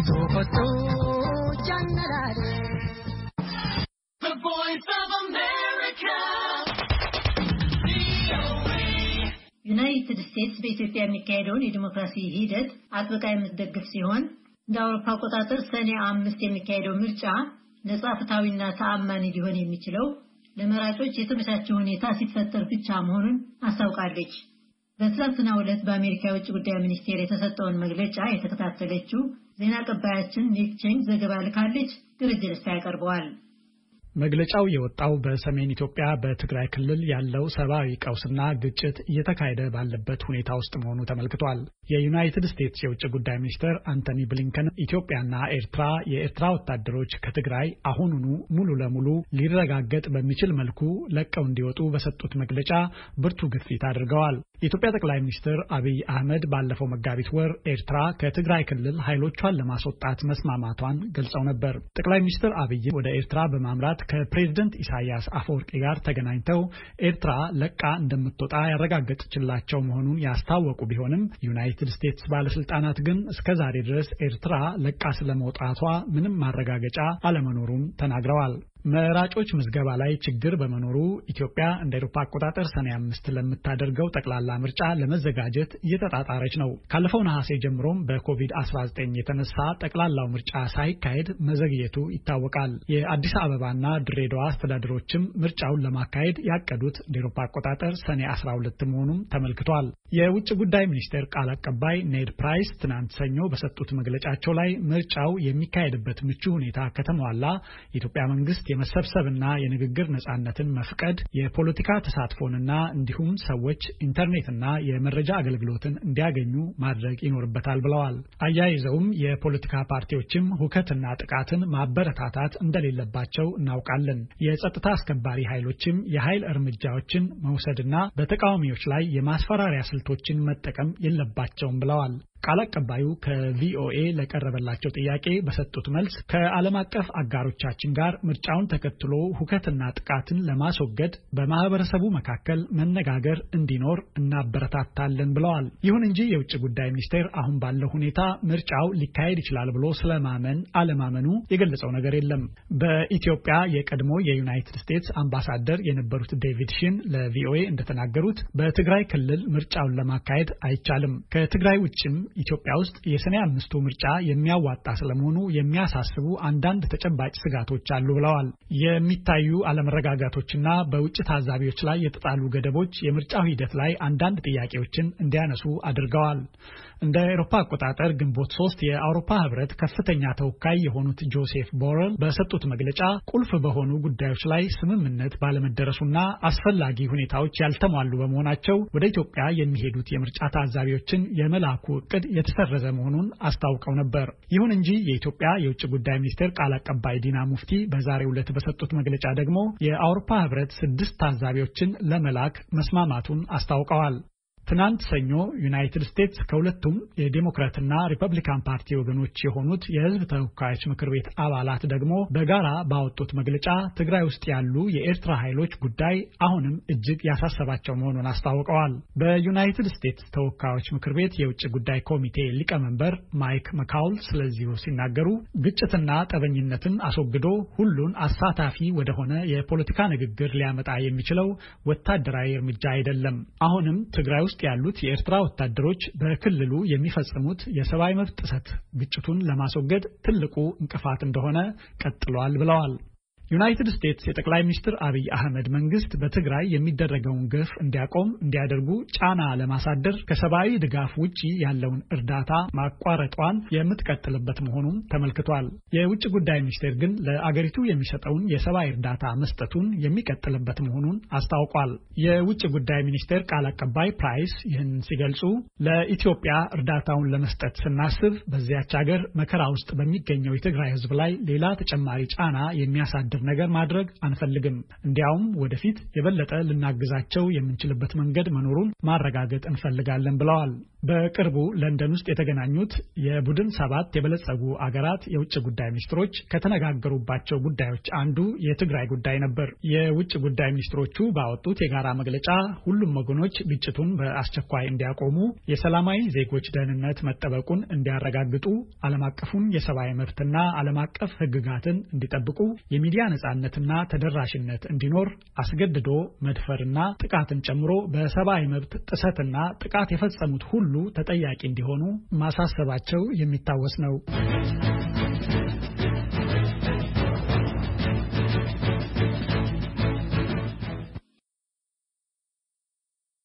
The ዩናይትድ ስቴትስ በኢትዮጵያ የሚካሄደውን የዲሞክራሲ ሂደት አጥብቃ የምትደግፍ ሲሆን እንደ አውሮፓ አቆጣጠር ሰኔ አምስት የሚካሄደው ምርጫ ነጻ፣ ፍትሐዊና ተአማኒ ሊሆን የሚችለው ለመራጮች የተመቻቸው ሁኔታ ሲፈጠር ብቻ መሆኑን አስታውቃለች። በትላንትናው ዕለት በአሜሪካ የውጭ ጉዳይ ሚኒስቴር የተሰጠውን መግለጫ የተከታተለችው ዜና ቀባያችን ኒክ ቼንግ ዘገባ ልካለች። ድርጅት ደስታ ያቀርበዋል። መግለጫው የወጣው በሰሜን ኢትዮጵያ በትግራይ ክልል ያለው ሰብአዊ ቀውስና ግጭት እየተካሄደ ባለበት ሁኔታ ውስጥ መሆኑ ተመልክቷል። የዩናይትድ ስቴትስ የውጭ ጉዳይ ሚኒስትር አንቶኒ ብሊንከን ኢትዮጵያና ኤርትራ የኤርትራ ወታደሮች ከትግራይ አሁኑኑ ሙሉ ለሙሉ ሊረጋገጥ በሚችል መልኩ ለቀው እንዲወጡ በሰጡት መግለጫ ብርቱ ግፊት አድርገዋል። የኢትዮጵያ ጠቅላይ ሚኒስትር አብይ አህመድ ባለፈው መጋቢት ወር ኤርትራ ከትግራይ ክልል ኃይሎቿን ለማስወጣት መስማማቷን ገልጸው ነበር። ጠቅላይ ሚኒስትር አብይ ወደ ኤርትራ በማምራት አባላት ከፕሬዝደንት ኢሳያስ አፈወርቂ ጋር ተገናኝተው ኤርትራ ለቃ እንደምትወጣ ያረጋገጠችላቸው መሆኑን ያስታወቁ ቢሆንም ዩናይትድ ስቴትስ ባለስልጣናት ግን እስከ ዛሬ ድረስ ኤርትራ ለቃ ስለመውጣቷ ምንም ማረጋገጫ አለመኖሩን ተናግረዋል። መራጮች ምዝገባ ላይ ችግር በመኖሩ ኢትዮጵያ እንደ ኤሮፓ አቆጣጠር ሰኔ አምስት ለምታደርገው ጠቅላላ ምርጫ ለመዘጋጀት እየተጣጣረች ነው። ካለፈው ነሐሴ ጀምሮም በኮቪድ-19 የተነሳ ጠቅላላው ምርጫ ሳይካሄድ መዘግየቱ ይታወቃል። የአዲስ አበባና ድሬዳዋ አስተዳደሮችም ምርጫውን ለማካሄድ ያቀዱት እንደ ኤሮፓ አቆጣጠር ሰኔ 12 መሆኑም ተመልክቷል። የውጭ ጉዳይ ሚኒስቴር ቃል አቀባይ ኔድ ፕራይስ ትናንት ሰኞ በሰጡት መግለጫቸው ላይ ምርጫው የሚካሄድበት ምቹ ሁኔታ ከተሟላ የኢትዮጵያ መንግስት የመሰብሰብና የንግግር ነጻነትን መፍቀድ፣ የፖለቲካ ተሳትፎንና እንዲሁም ሰዎች ኢንተርኔትና የመረጃ አገልግሎትን እንዲያገኙ ማድረግ ይኖርበታል ብለዋል። አያይዘውም የፖለቲካ ፓርቲዎችም ሁከትና ጥቃትን ማበረታታት እንደሌለባቸው እናውቃለን። የጸጥታ አስከባሪ ኃይሎችም የኃይል እርምጃዎችን መውሰድና በተቃዋሚዎች ላይ የማስፈራሪያ ስልቶችን መጠቀም የለባቸውም ብለዋል። ቃል አቀባዩ ከቪኦኤ ለቀረበላቸው ጥያቄ በሰጡት መልስ ከዓለም አቀፍ አጋሮቻችን ጋር ምርጫውን ተከትሎ ሁከትና ጥቃትን ለማስወገድ በማህበረሰቡ መካከል መነጋገር እንዲኖር እናበረታታለን ብለዋል። ይሁን እንጂ የውጭ ጉዳይ ሚኒስቴር አሁን ባለው ሁኔታ ምርጫው ሊካሄድ ይችላል ብሎ ስለማመን አለማመኑ የገለጸው ነገር የለም። በኢትዮጵያ የቀድሞ የዩናይትድ ስቴትስ አምባሳደር የነበሩት ዴቪድ ሽን ለቪኦኤ እንደተናገሩት በትግራይ ክልል ምርጫውን ለማካሄድ አይቻልም ከትግራይ ውጭም ኢትዮጵያ ውስጥ የሰኔ አምስቱ ምርጫ የሚያዋጣ ስለመሆኑ የሚያሳስቡ አንዳንድ ተጨባጭ ስጋቶች አሉ ብለዋል። የሚታዩ አለመረጋጋቶችና በውጭ ታዛቢዎች ላይ የተጣሉ ገደቦች የምርጫው ሂደት ላይ አንዳንድ ጥያቄዎችን እንዲያነሱ አድርገዋል። እንደ አውሮፓ አቆጣጠር ግንቦት ሶስት የአውሮፓ ህብረት ከፍተኛ ተወካይ የሆኑት ጆሴፍ ቦረል በሰጡት መግለጫ ቁልፍ በሆኑ ጉዳዮች ላይ ስምምነት ባለመደረሱና አስፈላጊ ሁኔታዎች ያልተሟሉ በመሆናቸው ወደ ኢትዮጵያ የሚሄዱት የምርጫ ታዛቢዎችን የመላኩ እቅድ እቅድ የተሰረዘ መሆኑን አስታውቀው ነበር። ይሁን እንጂ የኢትዮጵያ የውጭ ጉዳይ ሚኒስቴር ቃል አቀባይ ዲና ሙፍቲ በዛሬው ዕለት በሰጡት መግለጫ ደግሞ የአውሮፓ ህብረት ስድስት ታዛቢዎችን ለመላክ መስማማቱን አስታውቀዋል። ትናንት ሰኞ ዩናይትድ ስቴትስ ከሁለቱም የዴሞክራትና ሪፐብሊካን ፓርቲ ወገኖች የሆኑት የህዝብ ተወካዮች ምክር ቤት አባላት ደግሞ በጋራ ባወጡት መግለጫ ትግራይ ውስጥ ያሉ የኤርትራ ኃይሎች ጉዳይ አሁንም እጅግ ያሳሰባቸው መሆኑን አስታውቀዋል። በዩናይትድ ስቴትስ ተወካዮች ምክር ቤት የውጭ ጉዳይ ኮሚቴ ሊቀመንበር ማይክ መካውል ስለዚሁ ሲናገሩ ግጭትና ጠበኝነትን አስወግዶ ሁሉን አሳታፊ ወደሆነ የፖለቲካ ንግግር ሊያመጣ የሚችለው ወታደራዊ እርምጃ አይደለም። አሁንም ትግራይ ውስጥ ውስጥ ያሉት የኤርትራ ወታደሮች በክልሉ የሚፈጽሙት የሰብአዊ መብት ጥሰት ግጭቱን ለማስወገድ ትልቁ እንቅፋት እንደሆነ ቀጥሏል ብለዋል። ዩናይትድ ስቴትስ የጠቅላይ ሚኒስትር አብይ አህመድ መንግስት በትግራይ የሚደረገውን ግፍ እንዲያቆም እንዲያደርጉ ጫና ለማሳደር ከሰብአዊ ድጋፍ ውጪ ያለውን እርዳታ ማቋረጧን የምትቀጥልበት መሆኑም ተመልክቷል። የውጭ ጉዳይ ሚኒስቴር ግን ለአገሪቱ የሚሰጠውን የሰብአዊ እርዳታ መስጠቱን የሚቀጥልበት መሆኑን አስታውቋል። የውጭ ጉዳይ ሚኒስቴር ቃል አቀባይ ፕራይስ ይህን ሲገልጹ ለኢትዮጵያ እርዳታውን ለመስጠት ስናስብ በዚያች ሀገር መከራ ውስጥ በሚገኘው የትግራይ ህዝብ ላይ ሌላ ተጨማሪ ጫና የሚያሳድር አይነት ነገር ማድረግ አንፈልግም። እንዲያውም ወደፊት የበለጠ ልናግዛቸው የምንችልበት መንገድ መኖሩን ማረጋገጥ እንፈልጋለን ብለዋል። በቅርቡ ለንደን ውስጥ የተገናኙት የቡድን ሰባት የበለጸጉ አገራት የውጭ ጉዳይ ሚኒስትሮች ከተነጋገሩባቸው ጉዳዮች አንዱ የትግራይ ጉዳይ ነበር። የውጭ ጉዳይ ሚኒስትሮቹ ባወጡት የጋራ መግለጫ ሁሉም ወገኖች ግጭቱን በአስቸኳይ እንዲያቆሙ፣ የሰላማዊ ዜጎች ደህንነት መጠበቁን እንዲያረጋግጡ፣ ዓለም አቀፉን የሰብአዊ መብትና ዓለም አቀፍ ሕግጋትን እንዲጠብቁ፣ የሚዲያ ነጻነትና ተደራሽነት እንዲኖር፣ አስገድዶ መድፈርና ጥቃትን ጨምሮ በሰብአዊ መብት ጥሰትና ጥቃት የፈጸሙት ሁሉ ሁሉ ተጠያቂ እንዲሆኑ ማሳሰባቸው የሚታወስ ነው።